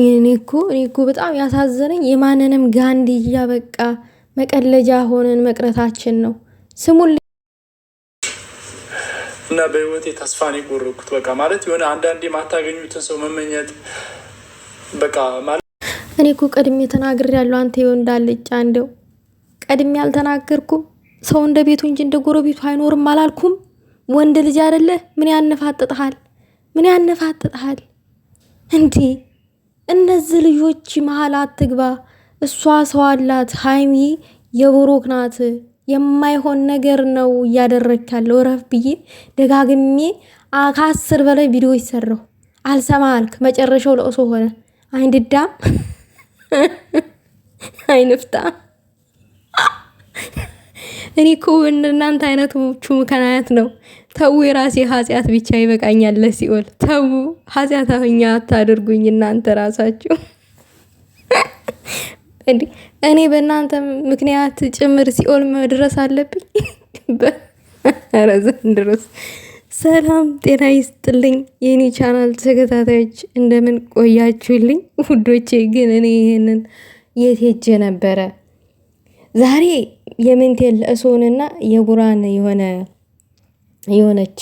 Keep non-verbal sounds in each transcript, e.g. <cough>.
አቃጠኝ። እኔ እኮ እኔ እኮ በጣም ያሳዘነኝ የማንንም ጋንዲ እያበቃ መቀለጃ ሆነን መቅረታችን ነው። ስሙን እና በህይወቴ ተስፋን የቆረኩት በቃ ማለት የሆነ አንዳንዴ የማታገኙትን ሰው መመኘት በቃ ማለት እኔ እኮ ቀድሜ ተናግር ያለው አንተ ይኸው እንዳልጫ እንደው ቀድሜ አልተናገርኩም። ሰው እንደ ቤቱ እንጂ እንደ ጎረቤቱ አይኖርም አላልኩም። ወንድ ልጅ አይደለ? ምን ያነፋጥጠሃል? ምን ያነፋጥጠሃል እንዲህ እነዚህ ልጆች መሀል አትግባ። እሷ ሰው አላት። ሀይሚ የብሩክ ናት። የማይሆን ነገር ነው እያደረግ ያለው ረፍ ብዬ ደጋግሜ ከአስር በላይ ቪዲዮ ይሰራው። አልሰማ አልክ። መጨረሻው ለቅሶ ሆነ። አይንድዳም አይንፍታ። እኔ እኮ እናንተ አይነቶቹ ምክንያት ነው ተዉ፣ የራሴ ኃጢአት ብቻ ይበቃኛል ሲኦል ተዉ፣ ኃጢአተኛ አታደርጉኝ እናንተ ራሳችሁ። እኔ በእናንተ ምክንያት ጭምር ሲኦል መድረስ አለብኝ። ኧረ ዘንድሮስ። ሰላም ጤና ይስጥልኝ የኔ ቻናል ተከታታዮች እንደምን ቆያችሁልኝ ውዶቼ? ግን እኔ ይህንን የት ሄጄ ነበረ ዛሬ የምንቴል እሶንና የቡራን የሆነ የሆነች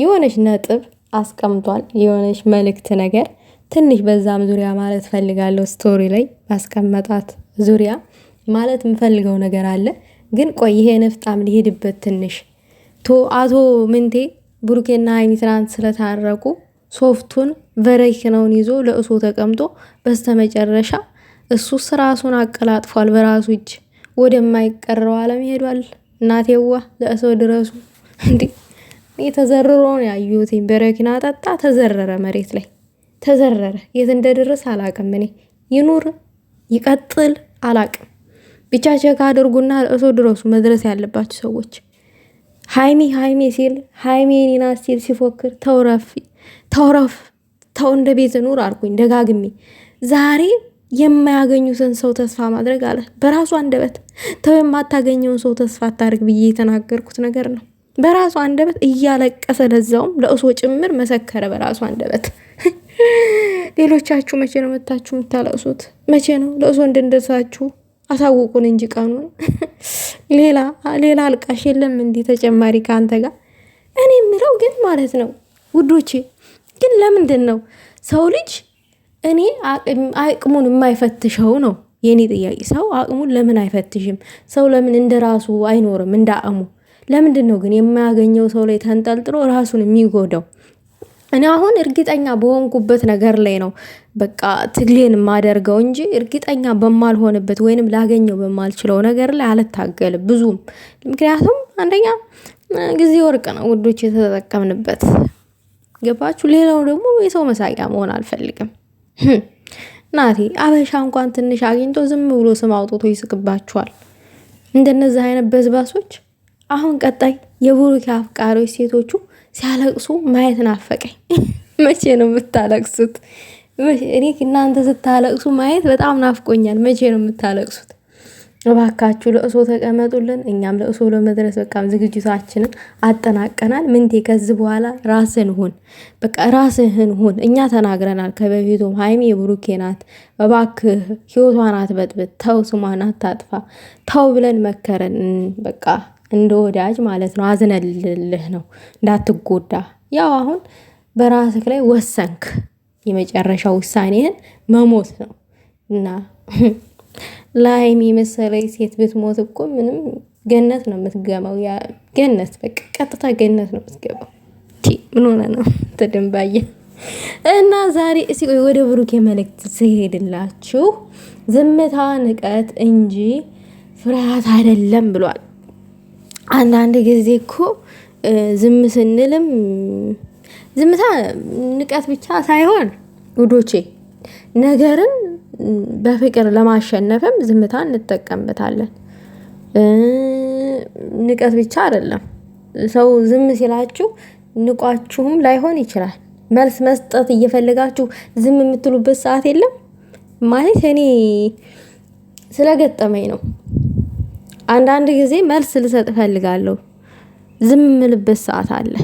የሆነች ነጥብ አስቀምጧል። የሆነች መልእክት ነገር ትንሽ በዛም ዙሪያ ማለት ፈልጋለሁ። ስቶሪ ላይ ባስቀመጣት ዙሪያ ማለት የምፈልገው ነገር አለ። ግን ቆይ ይሄ ንፍጣም ሊሄድበት ትንሽ ቶ አቶ ምንቴ ብሩኬና ሀይሚ ትናንት ስለታረቁ ሶፍቱን ቨረኪነውን ይዞ ለእሱ ተቀምጦ በስተመጨረሻ እሱ ስራሱን አቀላጥፏል። በራሱ እጅ ወደማይቀረው ዓለም ይሄዷል። እናቴዋ ለእሰው ድረሱ እንዲህ ተዘርሮ ነው ያየሁትኝ። በረኪና ጠጣ፣ ተዘረረ፣ መሬት ላይ ተዘረረ። የት እንደደረሰ አላቅም። እኔ ይኑር ይቀጥል አላቅም። ብቻ ቸካ አድርጉና ርዕሶ ድረሱ። መድረስ ያለባቸው ሰዎች ሀይሚ ሀይሚ ሲል ሀይሚ ኒና ሲል ሲፎክር ተውረፍ ተውረፍ ተው እንደ ቤት ኑር አልኩኝ ደጋግሜ። ዛሬ የማያገኙትን ሰው ተስፋ ማድረግ አለ በራሱ አንደበት። ተው የማታገኘውን ሰው ተስፋ አታድርግ ብዬ የተናገርኩት ነገር ነው። በራሱ አንደበት እያለቀሰ ለዛውም ለእሶ ጭምር መሰከረ በራሱ አንደበት። ሌሎቻችሁ መቼ ነው መታችሁ የምታለቅሱት? መቼ ነው ለእሶ እንድንደርሳችሁ አሳውቁን እንጂ ቀኑን። ሌላ ሌላ አልቃሽ የለም እንዲህ ተጨማሪ ከአንተ ጋር። እኔ የምለው ግን ማለት ነው ውዶቼ፣ ግን ለምንድን ነው ሰው ልጅ እኔ አቅሙን የማይፈትሸው ነው የእኔ ጥያቄ። ሰው አቅሙን ለምን አይፈትሽም? ሰው ለምን እንደ ራሱ አይኖርም እንደ አቅሙ ለምንድን ነው ግን የማያገኘው ሰው ላይ ተንጠልጥሎ ራሱን የሚጎዳው? እኔ አሁን እርግጠኛ በሆንኩበት ነገር ላይ ነው በቃ ትግሌን የማደርገው እንጂ እርግጠኛ በማልሆንበት ወይንም ላገኘው በማልችለው ነገር ላይ አልታገልም ብዙም። ምክንያቱም አንደኛ ጊዜ ወርቅ ነው ውዶች፣ የተጠቀምንበት ገባችሁ። ሌላው ደግሞ የሰው መሳቂያ መሆን አልፈልግም። ናቴ አበሻ እንኳን ትንሽ አግኝቶ ዝም ብሎ ስም አውጥቶ ይስቅባችኋል። እንደነዚህ አይነት በዝባሶች አሁን ቀጣይ የብሩኬ አፍቃሪዎች ሴቶቹ ሲያለቅሱ ማየት ናፈቀኝ። <laughs> መቼ ነው የምታለቅሱት? እኔ እናንተ ስታለቅሱ ማየት በጣም ናፍቆኛል። መቼ ነው የምታለቅሱት? እባካችሁ ለእሶ ተቀመጡልን። እኛም ለእሶ ለመድረስ በቃም ዝግጅታችንን አጠናቀናል። ምንቴ ከዚህ በኋላ ራስን ሁን፣ በቃ ራስህን ሁን። እኛ ተናግረናል ከበፊቱም፣ ሀይሚ የብሩኬ ናት፣ እባክህ ህይወቷን አትበጥብጥ፣ ተው ስሟን አታጥፋ፣ ተው ብለን መከረን በቃ እንደ ወዳጅ ማለት ነው። አዝነልልህ ነው እንዳትጎዳ። ያው አሁን በራስህ ላይ ወሰንክ። የመጨረሻ ውሳኔህን መሞት ነው እና ለሀይሚ የመሰለኝ ሴት ብትሞት እኮ ምንም ገነት ነው የምትገባው። ገነት በቃ ቀጥታ ገነት ነው የምትገባው። ምን ሆነ ነው ተደንባየ እና ዛሬ እስ ወደ ብሩኬ መልእክት ስሄድላችሁ ዝምታ ንቀት እንጂ ፍርሃት አይደለም ብሏል። አንዳንድ ጊዜ እኮ ዝም ስንልም ዝምታ ንቀት ብቻ ሳይሆን ውዶቼ ነገርን በፍቅር ለማሸነፍም ዝምታ እንጠቀምበታለን። ንቀት ብቻ አይደለም። ሰው ዝም ሲላችሁ ንቋችሁም ላይሆን ይችላል። መልስ መስጠት እየፈለጋችሁ ዝም የምትሉበት ሰዓት የለም። ማለት እኔ ስለገጠመኝ ነው። አንዳንድ ጊዜ መልስ ልሰጥ እፈልጋለሁ። ዝም ምልበት ሰዓት አለ።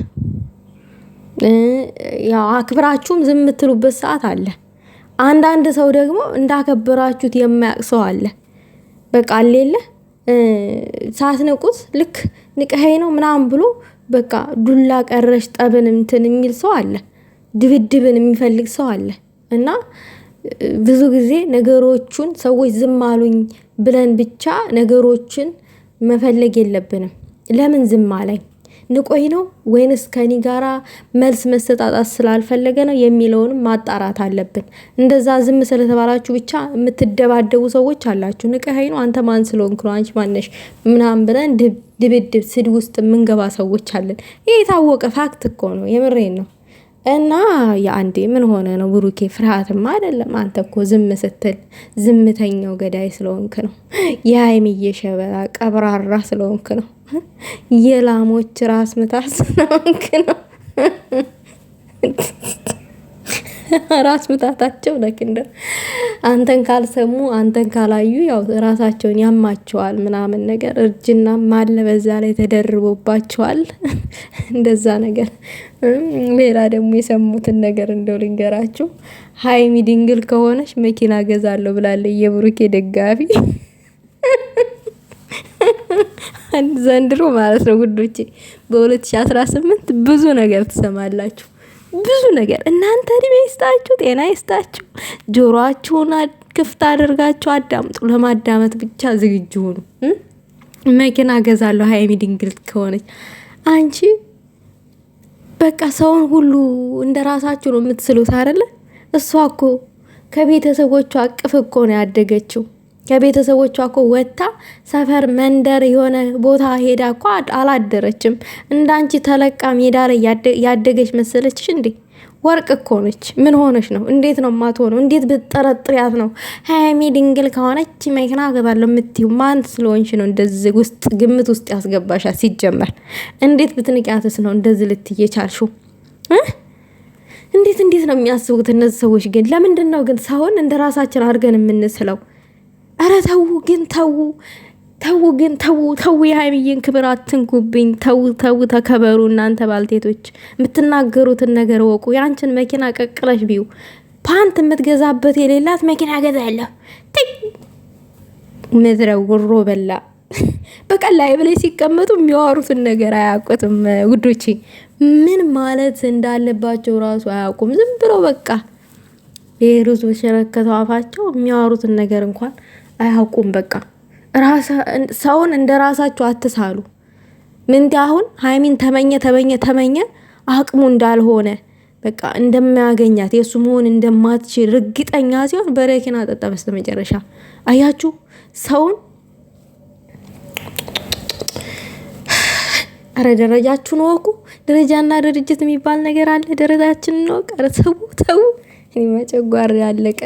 ያው አክብራችሁም ዝም ምትሉበት ሰዓት አለ። አንዳንድ ሰው ደግሞ እንዳከበራችሁት የማያውቅ ሰው አለ። በቃ አሌለ ሳትንቁት ልክ ንቀኸኝ ነው ምናምን ብሎ በቃ ዱላ ቀረሽ ጠብን እንትን የሚል ሰው አለ። ድብድብን የሚፈልግ ሰው አለ። እና ብዙ ጊዜ ነገሮቹን ሰዎች ዝም አሉኝ ብለን ብቻ ነገሮችን መፈለግ የለብንም። ለምን ዝም አለኝ ንቆይ ነው ወይንስ ከኒ ጋራ መልስ መሰጣጣት ስላልፈለገ ነው የሚለውንም ማጣራት አለብን። እንደዛ ዝም ስለተባላችሁ ብቻ የምትደባደቡ ሰዎች አላችሁ። ንቀኸኝ ነው አንተ ማን ስለሆንክ ነው አንቺ ማነሽ ምናምን ብለን ድብድብ ስድ ውስጥ የምንገባ ሰዎች አለን። ይህ የታወቀ ፋክት እኮ ነው። የምሬን ነው። እና የአንዴ ምን ሆነ ነው ብሩኬ፣ ፍርሃትማ አይደለም። አንተ እኮ ዝም ስትል ዝምተኛው ገዳይ ስለሆንክ ነው። የሀይሚዬ ሸበላ ቀብራራ ስለሆንክ ነው። የላሞች ራስ ምታ ስለሆንክ ነው። <laughs> ራስ ምታታቸው ለክንደ አንተን ካልሰሙ አንተን ካላዩ ያው ራሳቸውን ያማቸዋል ምናምን ነገር እርጅና ማለ በዛ ላይ ተደርቦባቸዋል። <laughs> እንደዛ ነገር። ሌላ ደግሞ የሰሙትን ነገር እንደው ልንገራችሁ። ሀይሚ ድንግል ከሆነች መኪና ገዛለሁ ብላለች የብሩኬ ደጋፊ <laughs> ዘንድሮ ማለት ነው ጉዶቼ በ2018 ብዙ ነገር ትሰማላችሁ። ብዙ ነገር እናንተ እድሜ ይስጣችሁ፣ ጤና ይስጣችሁ። ጆሮአችሁን ክፍት አድርጋችሁ አዳምጡ። ለማዳመጥ ብቻ ዝግጁ ሁኑ። መኪና ገዛለሁ ሀይሚ ድንግል ከሆነች አንቺ በቃ ሰውን ሁሉ እንደ ራሳችሁ ነው የምትስሉት አይደለ? እሷ እኮ ከቤተሰቦቿ ቅፍ እኮ ነው ያደገችው። ከቤተሰቦቿ እኮ ወጥታ ሰፈር መንደር የሆነ ቦታ ሄዳ እኮ አላደረችም። እንዳንቺ ተለቃ ሜዳ ላይ ያደገች መሰለችሽ እንዴ? ወርቅ እኮ ነች። ምን ሆነች ነው? እንዴት ነው የማትሆነው? እንዴት ብትጠረጥሪያት ነው? ሀይሚ ድንግል ከሆነች መኪና አገባለሁ የምትይው ማን ስለሆንሽ ነው? እንደዚህ ውስጥ ግምት ውስጥ ያስገባሻ? ሲጀመር እንዴት ብትንቅያትስ ነው እንደዚህ ልትየቻልሹ? እንዴት እንዴት ነው የሚያስቡት እነዚህ ሰዎች ግን? ለምንድን ነው ግን ሰውን እንደ ራሳችን አድርገን የምንስለው? አረ ተዉ ግን ተዉ ተዉ ግን ተዉ ተዉ፣ የሀይሚዬን ክብር አትንኩብኝ። ተዉ ተዉ፣ ተከበሩ እናንተ ባልቴቶች። የምትናገሩትን ነገር ወቁ። ያንችን መኪና ቀቅለሽ ቢው ፓንት የምትገዛበት የሌላት መኪና ገዛለሁ ምድረ ውሮ በላ <laughs> በቀላ ላይ ብላይ ሲቀመጡ የሚያወሩትን ነገር አያውቁትም። ውዶች ምን ማለት እንዳለባቸው ራሱ አያውቁም። ዝም ብሎ በቃ የሩዝ በሸረከተው አፋቸው የሚያወሩትን ነገር እንኳን አያውቁም። በቃ ሰውን እንደ ራሳችሁ አትሳሉ። ምንቲ አሁን ሀይሚን ተመኘ ተመኘ ተመኘ አቅሙ እንዳልሆነ በቃ እንደማያገኛት የእሱ መሆን እንደማትችል እርግጠኛ ሲሆን በረኪና ጠጣ። በስተ መጨረሻ አያችሁ ሰውን አረ ደረጃችሁን ወቁ። ደረጃና ድርጅት የሚባል ነገር አለ። ደረጃችንን ወቅ። አረ ተዉ ተዉ። እኔ መጨጓር ያለቀ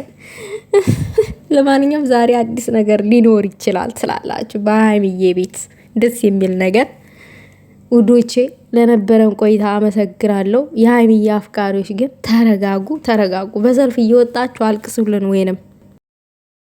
ለማንኛውም ዛሬ አዲስ ነገር ሊኖር ይችላል ትላላችሁ በሀይሚዬ ቤት ደስ የሚል ነገር ውዶቼ ለነበረን ቆይታ አመሰግናለሁ። የሀይሚዬ አፍቃሪዎች ግን ተረጋጉ፣ ተረጋጉ። በሰልፍ እየወጣችሁ አልቅሱልን ወይንም